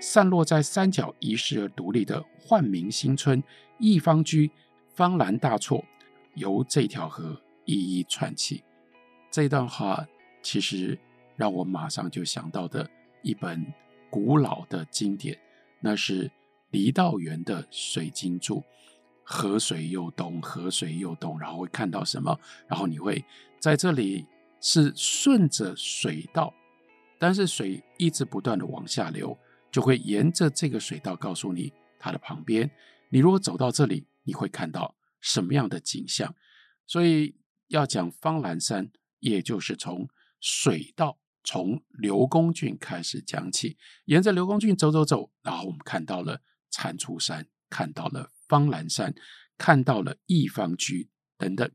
散落在三角遺世而獨立的煥明新村，義芳居，芳蘭大厝，由這條河一一串起。這段話其實讓我馬上就想到的一本古老的經典，那是酈道元的《水經注》。河水又東，河水又東，然後會看到什麼？然後你會在這裡是順着水道，但是水一直不斷的往下流。就會沿着這個水道告訴你它的旁邊。你如果走到這裡，你會看到什麼樣的景象？所以要講芳蘭山，也就是從水道從瑠公圳開始講起，沿着瑠公圳走走走，然後我們看到了蟾蜍山，看到了芳蘭山，看到了義芳居等等。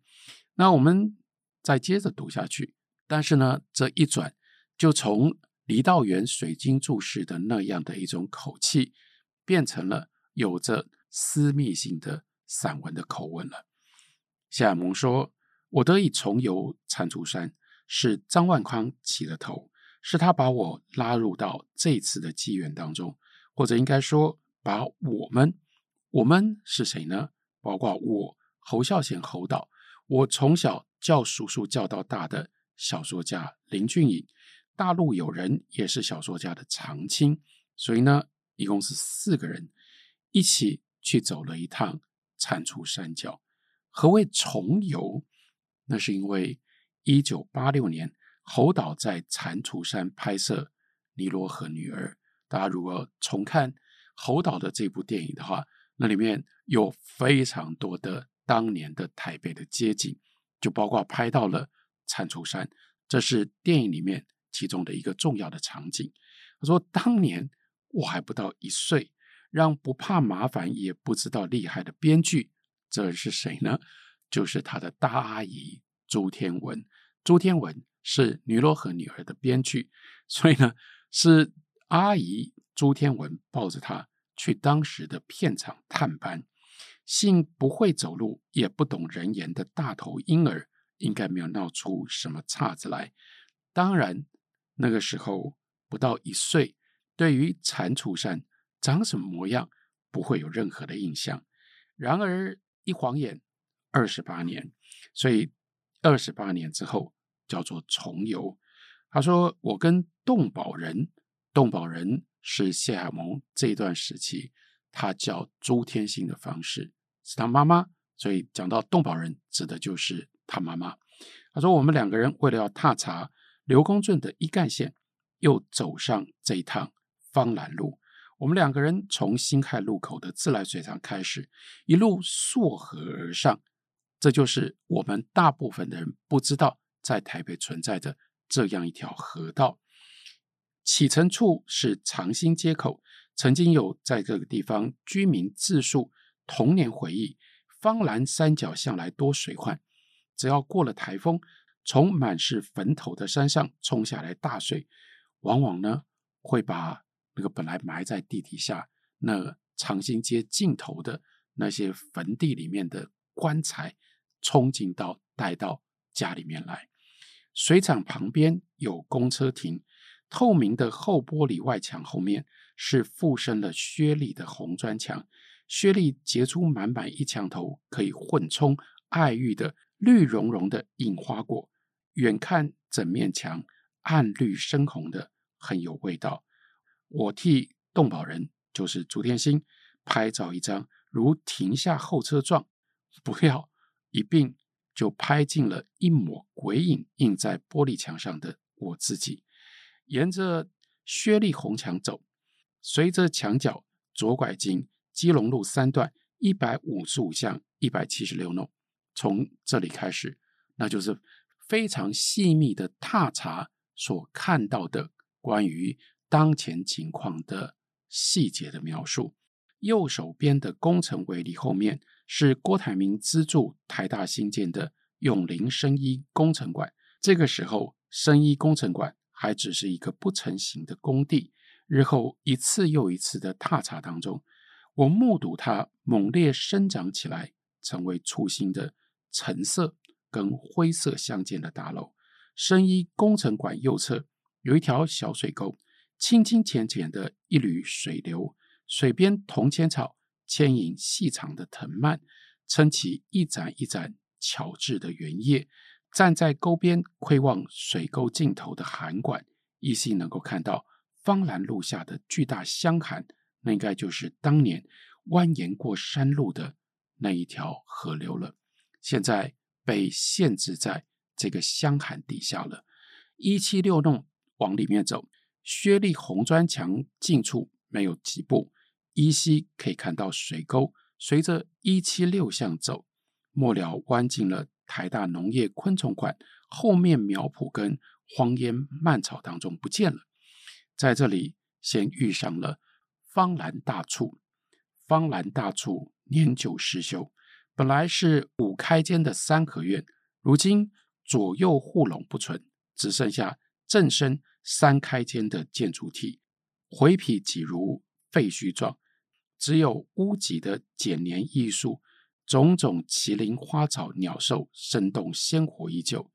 那我們再接着讀下去，但是呢，這一轉就從酈道元《水經注釋》的那樣的一種口氣，變成了有着私密性的散文的口吻了。謝海盟說：“我得以重遊蟾蜍山，是張萬康起了頭，是他把我拉入到這次的機緣當中，或者應該說，把我們，我們是誰呢？包括我侯孝賢侯導，我從小叫叔叔叫到大的小說家林俊穎。”大陸友人也是小說家的常青，所以呢，一共是四個人一起去走了一趟蟾蜍山腳。何謂重遊？那是因為一九八六年侯導在蟾蜍山拍攝《尼羅河女兒》，大家如果重看侯導的這部電影的話，那裡面有非常多的當年的台北的街景，就包括拍到了蟾蜍山，這是電影裡面，其中的一個重要的場景，他說：“當年我還不到一歲，讓不怕麻煩也不知道厲害的編劇，這是誰呢？就是他的大阿姨朱天文。朱天文是《尼羅河女兒》的編劇，所以呢，是阿姨朱天文抱着他去當時的片場探班。幸不會走路，也不懂人言的大頭嬰兒，應該沒有鬧出什麼岔子來。當然。”那個時候不到一歲，對於蟾蜍山長什麼模樣不會有任何的印象。然而一晃眼二十八年，所以二十八年之後叫做重遊。他說：“我跟動保人，動保人是謝海盟這段時期，他叫朱天心的方式是他媽媽，所以講到動保人指的就是他媽媽。”他說：“我們兩個人為了要踏查。”劉公圳的一幹線，又走上這一趟芳蘭路。我們兩個人從辛亥路口的自來水廠開始，一路溯河而上。這就是我們大部分的人不知道，在台北存在的這樣一條河道。啟程處是長興街口，曾經有在這個地方居民自述童年回憶：芳蘭山腳向來多水患，只要過了台風。從滿是墳頭的山上衝下來大水，往往呢會把那個本來埋在地底下那長興街盡頭的那些墳地裡面的棺材沖進到帶到家裡面來。水廠旁邊有公車亭，透明的厚玻璃外牆後面是附生了薜荔的紅磚牆，薜荔結出滿滿一牆頭可以混充愛玉的綠茸茸的隱花果。遠看整面牆，暗綠深紅的很有味道。我替動保人，就是朱天心，拍照一張，如停下候車狀。不料一併就拍進了一抹鬼影，映在玻璃牆上的我自己。沿着薛立紅牆走，隨着牆角左拐進基隆路三段一百五十五巷一百七十六弄。從這裡開始，那就是。非常細密的踏查所看到的關於當前情況的細節的描述。右手邊的工程圍籬後面是郭台銘資助台大新建的永齡生醫工程館。這個時候，生醫工程館還只是一個不成型的工地。日後一次又一次的踏查當中，我目睹它猛烈生長起來，成為簇新的橙色，跟灰色相間的大樓，深一工程館右側有一條小水溝，清清淺淺的一縷水流，水邊銅錢草牽引細長的藤蔓，撐起一盞一盞巧緻的圓葉。站在溝邊窺望水溝盡頭的涵管，依稀能夠看到芳蘭路下的巨大箱涵，那應該就是當年蜿蜒過山路的那一條河流了。現在。被限制在這個箱涵底下了。一七六弄往裡面走，薛立紅磚牆近處沒有幾步，依稀可以看到水溝。隨着一七六巷走，末了彎進了台大農業昆蟲館後面苗圃跟荒煙蔓草當中不見了。在這裡先遇上了芳蘭大厝，芳蘭大厝年久失修，本來是五開間的三合院，如今左右護龍不存，只剩下正身三開間的建築體，回壁幾如廢墟狀，只有屋脊的剪黏藝術，種種麒麟花草鳥獸，生動鮮活依舊。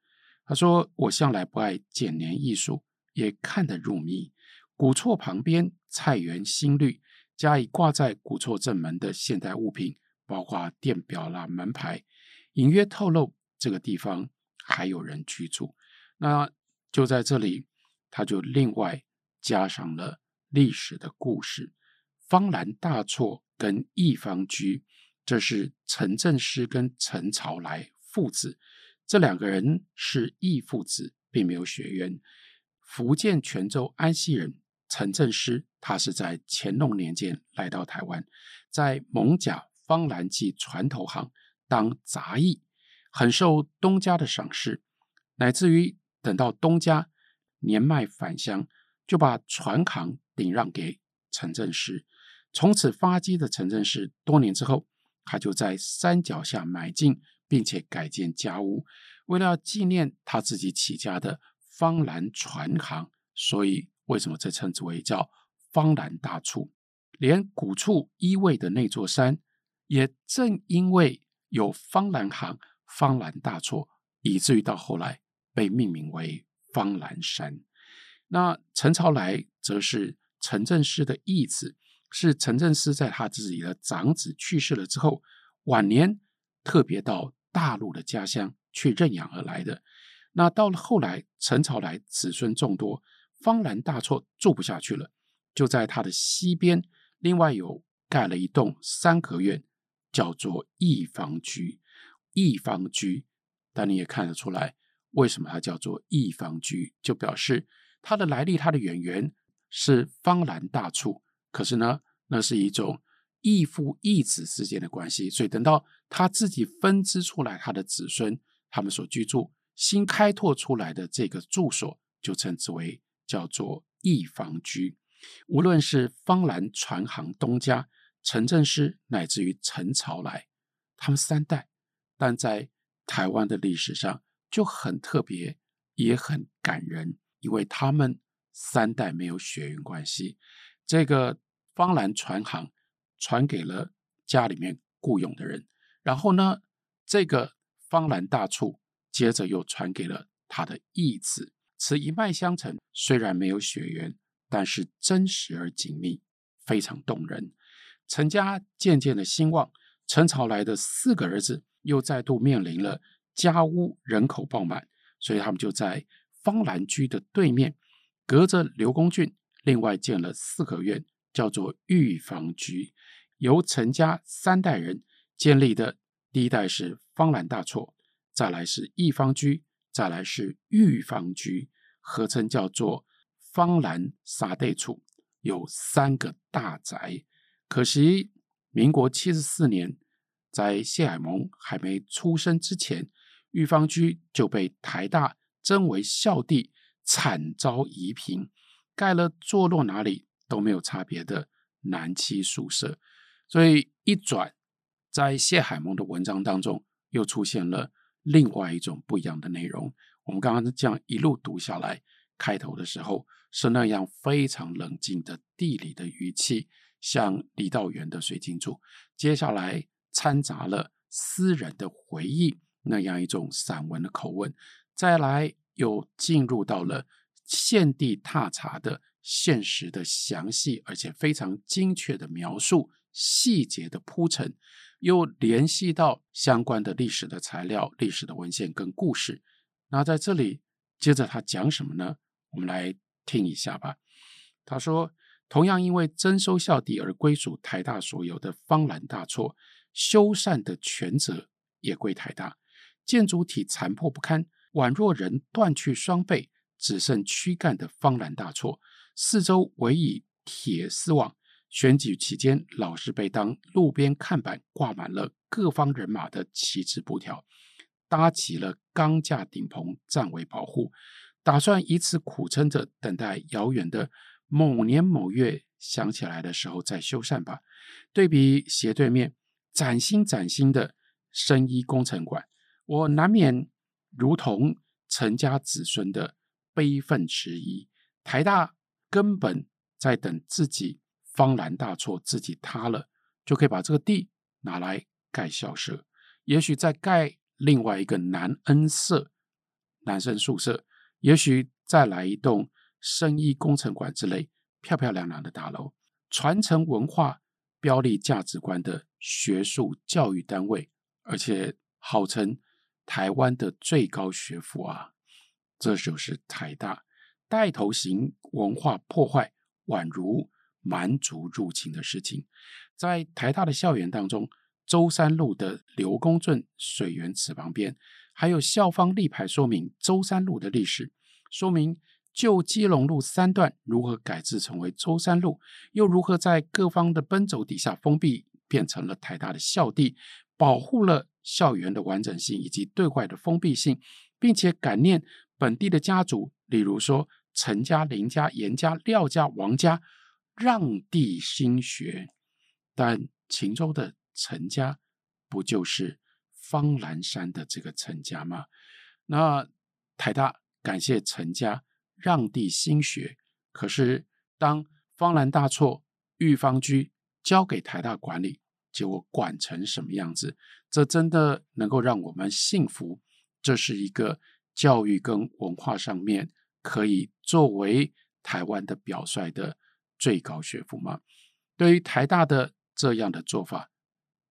他說：“我向來不愛剪黏藝術，也看得入迷。古厝旁邊菜園新綠，加以掛在古厝正門的現代物品。”包括電表啦、門牌，隱約透露這個地方還有人居住。那就在這裡，他就另外加上了歷史的故事。芳蘭大厝跟義芳居，這是陳振師跟陳朝來父子，這兩個人是義父子，並沒有血緣。福建泉州安溪人，陳振師他是在乾隆年間來到台灣，在艋舺。方蘭記船頭行當雜役，很受東家的賞識，乃至於等到東家年邁返鄉，就把船行頂讓給陳正時。從此發跡的陳正時，多年之後，他就在山腳下買進並且改建家屋。為了紀念他自己起家的方蘭船行，所以為什麼這稱之為叫方蘭大厝？連古厝依偎的那座山。也正因為有方蘭行、方蘭大錯，以至於到後來被命名為方蘭山。那陳朝來則是陳振師的義子，是陳振師在他自己的長子去世了之後，晚年特別到大陸的家鄉去認養而來的。那到了後來，陳朝來子孫眾多，方蘭大錯住不下去了，就在他的西邊，另外有蓋了一棟三合院。叫做一房居，一房居。但你也看得出來，為什麼它叫做一房居？就表示它的來歷，它的淵源,源是方蘭大厝，可是呢，那是一種義父義子之間的關係。所以等到他自己分支出來，他的子孫他們所居住新開拓出來的這個住所，就稱之為叫做一房居。無論是方蘭船行東家。陳振師，乃至於陳朝來，他們三代，但在台灣的歷史上就很特別，也很感人，因為他們三代沒有血緣關係。這個芳蘭船行傳給了家裡面雇用的人，然後呢，這個芳蘭大厝接着又傳給了他的義子，此一脈相承，雖然沒有血緣，但是真實而緊密，非常動人。陳家漸漸的興旺，陳朝來的四個兒子又再度面臨了家屋人口爆滿，所以他們就在芳蘭居的對面，隔着瑠公圳，另外建了四合院，叫做玉芳居。由陳家三代人建立的，第一代是芳蘭大厝，再來是義芳居，再來是玉芳居，合稱叫做芳蘭三塊厝，有三個大宅。可惜，民國七十四年，在謝海盟還沒出生之前，玉芳居就被台大徵為校地，慘遭夷平，蓋了坐落哪裡都沒有差別的男七宿舍。所以一轉，在謝海盟的文章當中，又出現了另外一種不一樣的內容。我們剛剛這樣一路讀下來，開頭的時候是那樣非常冷靜的地理的語氣。像李道元的《水晶柱》，接下來摻雜了私人的回憶那樣一種散文的口吻，再來又進入到了現地踏查的現實的詳細而且非常精確的描述，細節的鋪陳，又聯繫到相關的歷史的材料、歷史的文獻跟故事。那在這裡，接着他講什麼呢？我們來聽一下吧。他說。同樣因為徵收校地而歸屬台大所有的芳蘭大厝，修繕的權責也歸台大。建築體殘破不堪，宛若人斷去雙臂，只剩軀幹的芳蘭大厝，四周圍以鐵絲網。選舉期間，老是被當路邊看板，掛滿了各方人馬的旗幟布條，搭起了鋼架頂棚，暫為保護，打算以此苦撐着，等待遙遠的。某年某月想起來的時候再修繕吧。對比斜對面嶄新嶄新的生醫工程館，我難免如同陳家子孫的悲憤遲疑。台大根本在等自己芳蘭大厝，自己塌了就可以把這個地拿來蓋校舍，也許再蓋另外一個男恩舍男生宿舍，也許再來一棟。生意工程館之類，漂漂亮亮的大樓，傳承文化、標立價值觀的學術教育單位，而且號稱台灣的最高學府啊，這就是台大。帶頭型文化破壞，宛如蠻族入侵的事情，在台大的校園當中，舟山路的劉公圳水源池旁邊，還有校方立牌說明舟山路的歷史，說明。舊基隆路三段如何改制成為舟山路，又如何在各方的奔走底下封閉，變成了台大的校地，保護了校園的完整性以及對外的封閉性，並且感念本地的家族，例如說陳家、林家、嚴家、廖家、王家，讓地興學。但泉州的陳家不就是方蘭山的這個陳家嗎？那台大感謝陳家，讓地心學，可是當芳蘭大厝、義芳居交給台大管理，結果管成什麼樣子？這真的能夠讓我們信服？這是一個教育跟文化上面可以作為台灣的表率的最高學府嗎？對於台大的這樣的做法，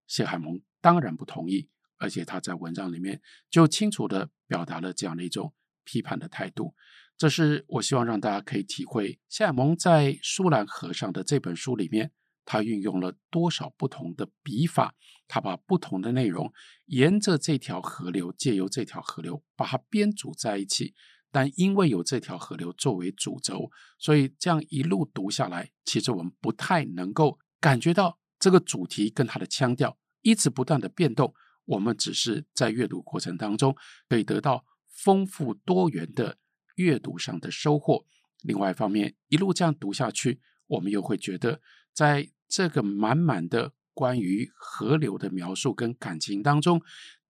謝海盟當然不同意，而且他在文章裡面就清楚地表達了這樣的一種批判的態度。這是我希望讓大家可以體會謝海盟在舒蘭河上的這本書裡面，他運用了多少不同的筆法，他把不同的內容沿着這條河流，借由這條河流把它編組在一起。但因為有這條河流作為主軸，所以這樣一路讀下來，其實我們不太能夠感覺到這個主題跟它的腔調一直不斷的變動。我們只是在閱讀過程當中可以得到豐富多元的。閱讀上的收穫。另外一方面，一路這樣讀下去，我們又會覺得，在這個滿滿的關於河流的描述跟感情當中，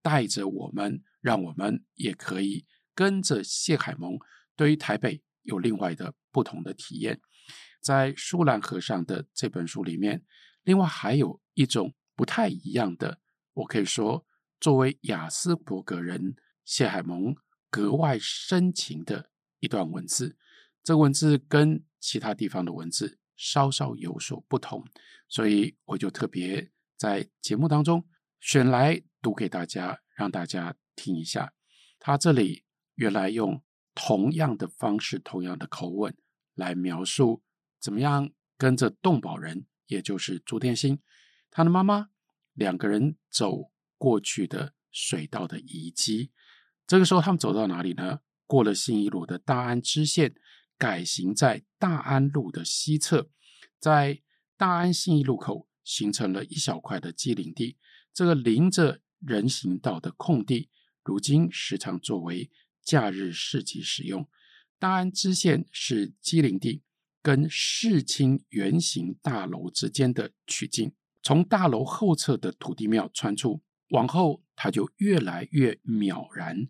帶着我們，讓我們也可以跟着謝海盟，對於台北有另外的不同的體驗。在《舒蘭河上》的這本書裡面，另外還有一種不太一樣的，我可以說，作為亞斯伯格人，謝海盟格外深情的一段文字，這個文字跟其他地方的文字稍稍有所不同，所以我就特別在節目當中選來讀給大家，讓大家聽一下。他這裡原來用同樣的方式、同樣的口吻來描述，怎麼樣跟着動保人，也就是朱天心，他的媽媽，兩個人走過去的水道的遺跡。這個時候他們走到哪裡呢？過了信義路的大安支線，改行在大安路的西側，在大安信義路口形成了一小塊的畸零地。這個臨着人行道的空地，如今時常作為假日市集使用。大安支線是畸零地跟市青圓形大樓之間的曲徑，從大樓後側的土地廟穿出，往後它就越來越渺然。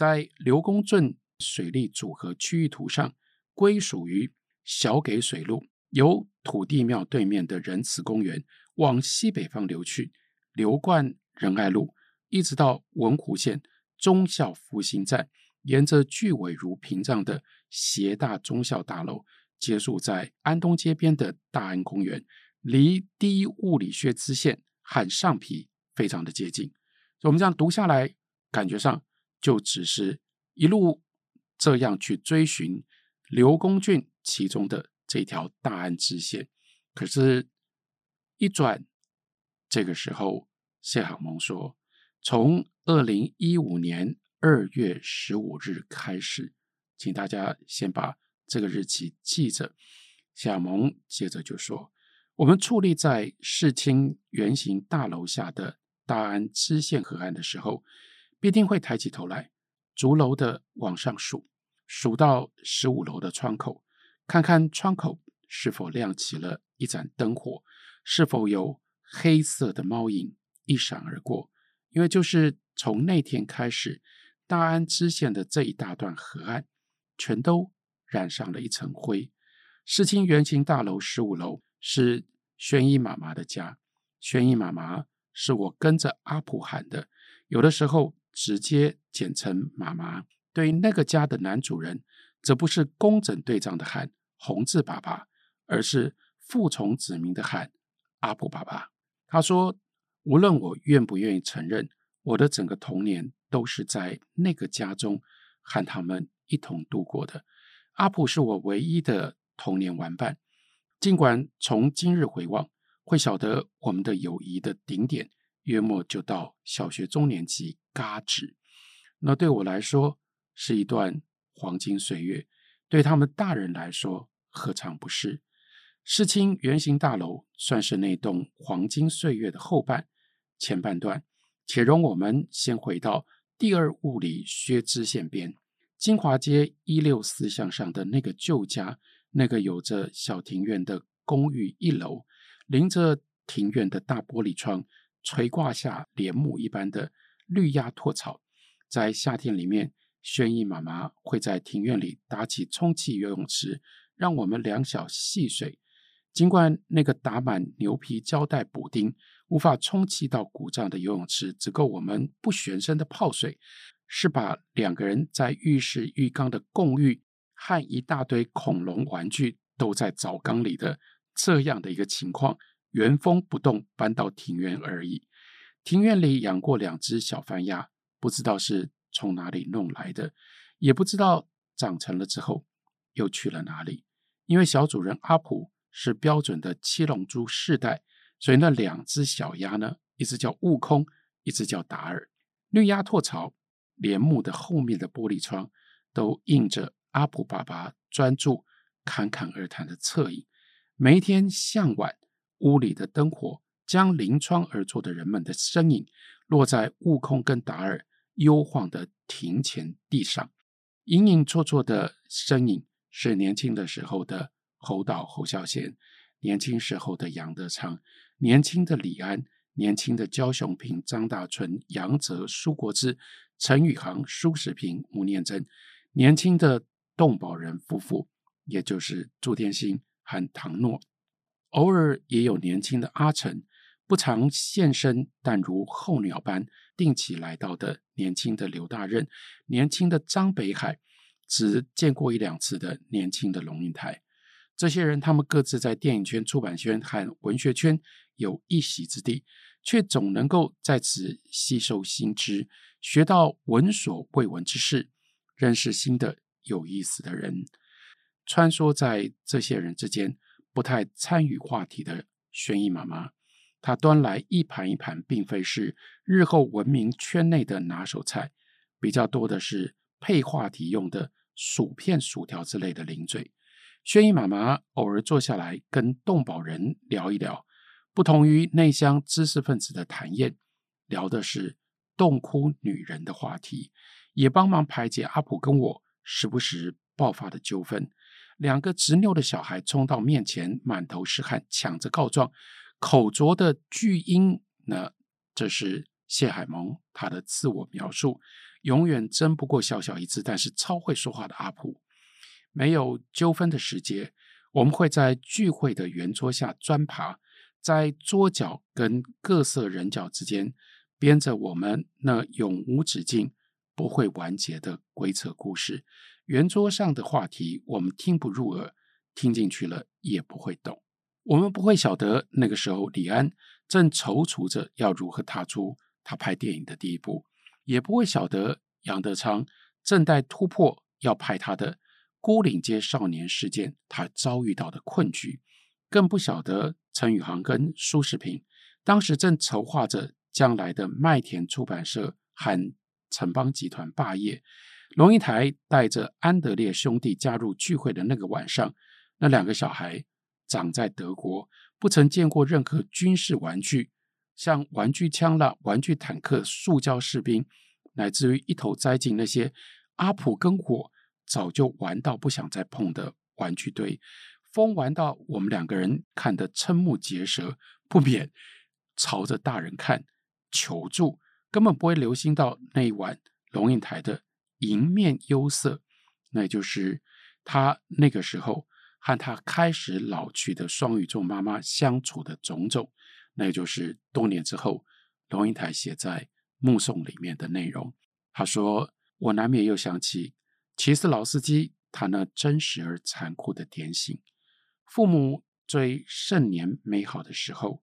在瑠公圳水利組合區域圖上，歸屬於小給水路，由土地廟對面的仁慈公園往西北方流去，流貫仁愛路，一直到文湖線忠孝復興站，沿着巨尾如屏障的協大忠孝大樓，結束在安東街邊的大安公園，離第一霧裡薛支線和上埤非常的接近。我們這樣讀下來，感覺上。就只是一路這樣去追尋瑠公圳其中的這條大安支線，可是，一轉這個時候，謝海盟說：“從二零一五年二月十五日開始，請大家先把這個日期記着。”謝海盟接着就說：“我們矗立在市清圓形大樓下的大安支線河岸的時候。”必定會抬起頭來，逐樓的往上數，數到十五樓的窗口，看看窗口是否亮起了一盞燈火，是否有黑色的貓影一閃而過。因為就是從那天開始，大安支線的這一大段河岸，全都染上了一層灰。世清圓形大樓十五樓是宣一媽媽的家，宣一媽媽是我跟着阿普喊的，有的時候。直接簡稱“媽媽”；對於那個家的男主人，則不是工整對仗的喊“紅字爸爸”，而是父從子名的喊“阿普爸爸”。他說：“無論我願不願意承認，我的整個童年都是在那個家中和他們一同度過的。阿普是我唯一的童年玩伴。儘管從今日回望，會曉得我們的友誼的頂點，約莫就到小學中年級。”嘎吱，那對我來說是一段黃金歲月，對他們大人來說何嘗不是？世青圓形大樓算是那棟黃金歲月的後半，前半段。且容我們先回到第二霧裡薛支線邊金華街一六四巷上的那個舊家，那個有着小庭院的公寓一樓，臨着庭院的大玻璃窗，垂掛下簾幕一般的。綠鴨托草在夏天裡面，軒逸媽媽會在庭院裡打起充氣游泳池，讓我們兩小戲水。儘管那個打滿牛皮膠帶補丁、無法充氣到鼓脹的游泳池，只夠我們不旋身的泡水，是把兩個人在浴室浴缸的共浴和一大堆恐龍玩具都在澡缸裡的這樣的一個情況，原封不動搬到庭院而已。庭院裡養過兩隻小番鴨，不知道是從哪裡弄來的，也不知道長成了之後又去了哪裡。因為小主人阿普是標準的七龍珠世代，所以那兩隻小鴨呢，一隻叫悟空，一隻叫達爾。綠鴨拓巢簾幕的後面的玻璃窗，都映着阿普爸爸專注侃侃而談的側影。每一天向晚，屋裡的燈火，將臨窗而坐的人們的身影落在悟空跟達爾幽晃的庭前地上，影影綽綽的身影是年輕的時候的侯導侯孝賢，年輕時候的楊德昌，年輕的李安，年輕的焦雄屏、張大春、楊澤、舒國治、陳宇航、蘇世平、吳念真，年輕的棟寶仁夫婦，也就是朱天心和唐諾，偶爾也有年輕的阿誠。不常現身，但如候鳥般定期來到的年輕的劉大任、年輕的張北海，只見過一兩次的年輕的龍應台，這些人他們各自在電影圈、出版圈和文學圈有一席之地，卻總能夠在此吸收新知，學到聞所未聞之事，認識新的有意思的人。穿梭在這些人之間，不太參與話題的軒逸媽媽。他端來一盤一盤，並非是日後文明圈內的拿手菜，比較多的是配話題用的薯片、薯條之類的零嘴。軒衣媽媽偶爾坐下來跟動保人聊一聊，不同於內鄉知識分子的談宴，聊的是洞窟女人的話題，也幫忙排解阿普跟我時不時爆發的糾紛。兩個執拗的小孩衝到面前，滿頭是汗，搶着告狀。口拙的巨嬰，呢，這是謝海盟他的自我描述。永遠爭不過小小一隻，但是超會說話的阿普。沒有糾紛的時節，我們會在聚會的圓桌下鑽爬，在桌角跟各色人角之間編着我們那永無止境、不會完結的鬼扯故事。圓桌上的話題，我們聽不入耳，聽進去了也不會懂。我們不會曉得那個時候，李安正躊躇着要如何踏出他拍電影的第一步，也不會曉得楊德昌正在突破要拍他的《牯嶺街少年事件》，他遭遇到的困局，更不曉得陳雨航跟蘇拾平當時正籌劃着將來的麥田出版社和城邦集團霸業。龍應台帶着安德烈兄弟加入聚會的那個晚上，那兩個小孩長在德國，不曾見過任何軍事玩具，像玩具槍啦、玩具坦克、塑膠士兵，乃至於一頭栽進那些阿普跟火早就玩到不想再碰的玩具堆，瘋玩到我們兩個人看得瞠目結舌，不免朝着大人看求助，根本不會留心到那一晚龍應台的迎面憂色，那就是他那個時候和他開始老去的雙魚座媽媽相處的種種，那也就是多年之後龍應台寫在《目送》裡面的內容。他說：“我難免又想起奇士勞斯基他那真實而殘酷的點醒：父母最盛年美好的時候，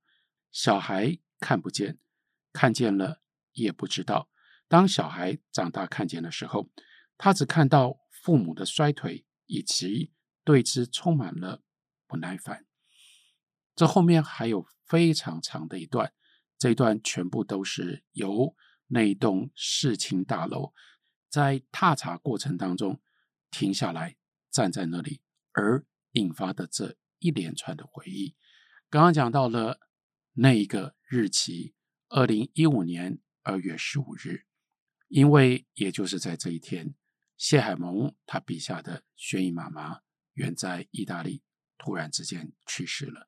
小孩看不見，看見了也不知道；當小孩長大看見的時候，他只看到父母的衰退以及。”對之充滿了不耐煩。這後面還有非常長的一段，這一段全部都是由那棟世情大樓在踏查過程當中停下來，站在那裡而引發的這一連串的回憶。剛剛講到了那一個日期，二零一五年二月十五日，因為也就是在這一天，謝海盟他筆下的《軒藝媽媽》。遠在意大利，突然之間去世了。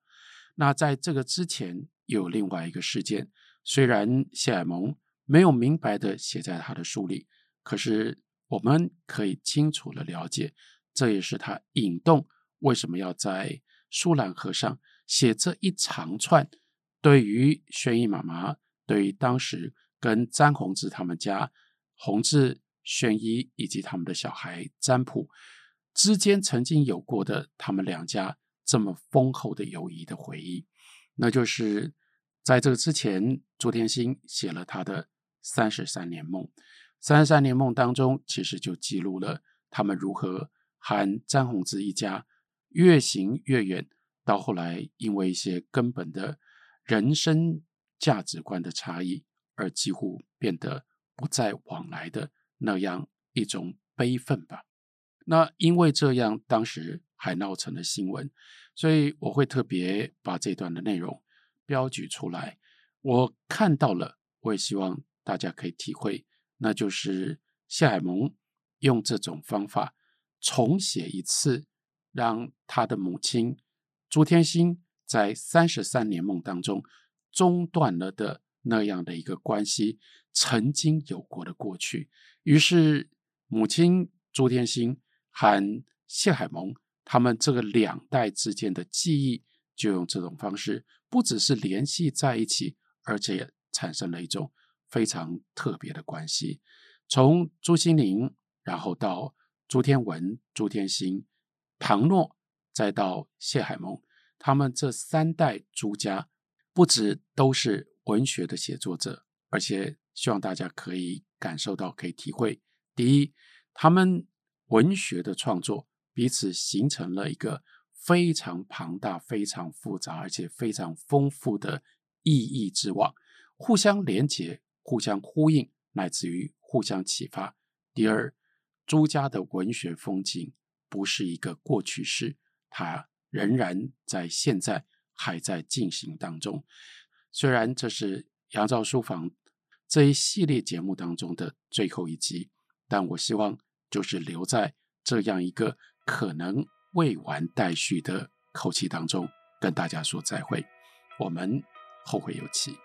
那在這個之前，有另外一個事件。雖然謝海盟沒有明白地寫在他的書裡，可是我們可以清楚地了解，這也是他引動為什麼要在舒蘭河上寫這一長串對於宣一媽媽，對於當時跟詹宏志他們家宏志、宣一以及他們的小孩詹樸之間曾經有過的他們兩家這麼豐厚的友誼的回憶，那就是在這個之前，朱天心寫了他的《三十三年夢》，《三十三年夢》當中其實就記錄了他們如何和詹宏志一家越行越遠，到後來因為一些根本的人生價值觀的差異，而幾乎變得不再往來的那樣一種悲憤吧。那因為這樣，當時還鬧成了新聞，所以我會特別把這段的內容標舉出來。我看到了，我也希望大家可以體會，那就是謝海盟用這種方法重寫一次，讓他的母親朱天心在三十三年夢當中中斷了的那樣的一個關係，曾經有過的過去。於是，母親朱天心。和謝海盟，他們這個兩代之間的記憶，就用這種方式，不只是聯繫在一起，而且產生了一種非常特別的關係。從朱西甯，然後到朱天文、朱天心、唐諾，再到謝海盟，他們這三代朱家，不只都是文學的寫作者，而且希望大家可以感受到、可以體會。第一，他們。文學的創作彼此形成了一個非常龐大、非常複雜，而且非常豐富的意義之網，互相連結、互相呼應，乃至於互相啟發。第二，朱家的文學風景不是一個過去式，它仍然在現在還在進行當中。雖然這是《楊照書房》這一系列節目當中的最後一集，但我希望。就是留在這樣一個可能未完待續的口氣當中，跟大家說再會，我們後會有期。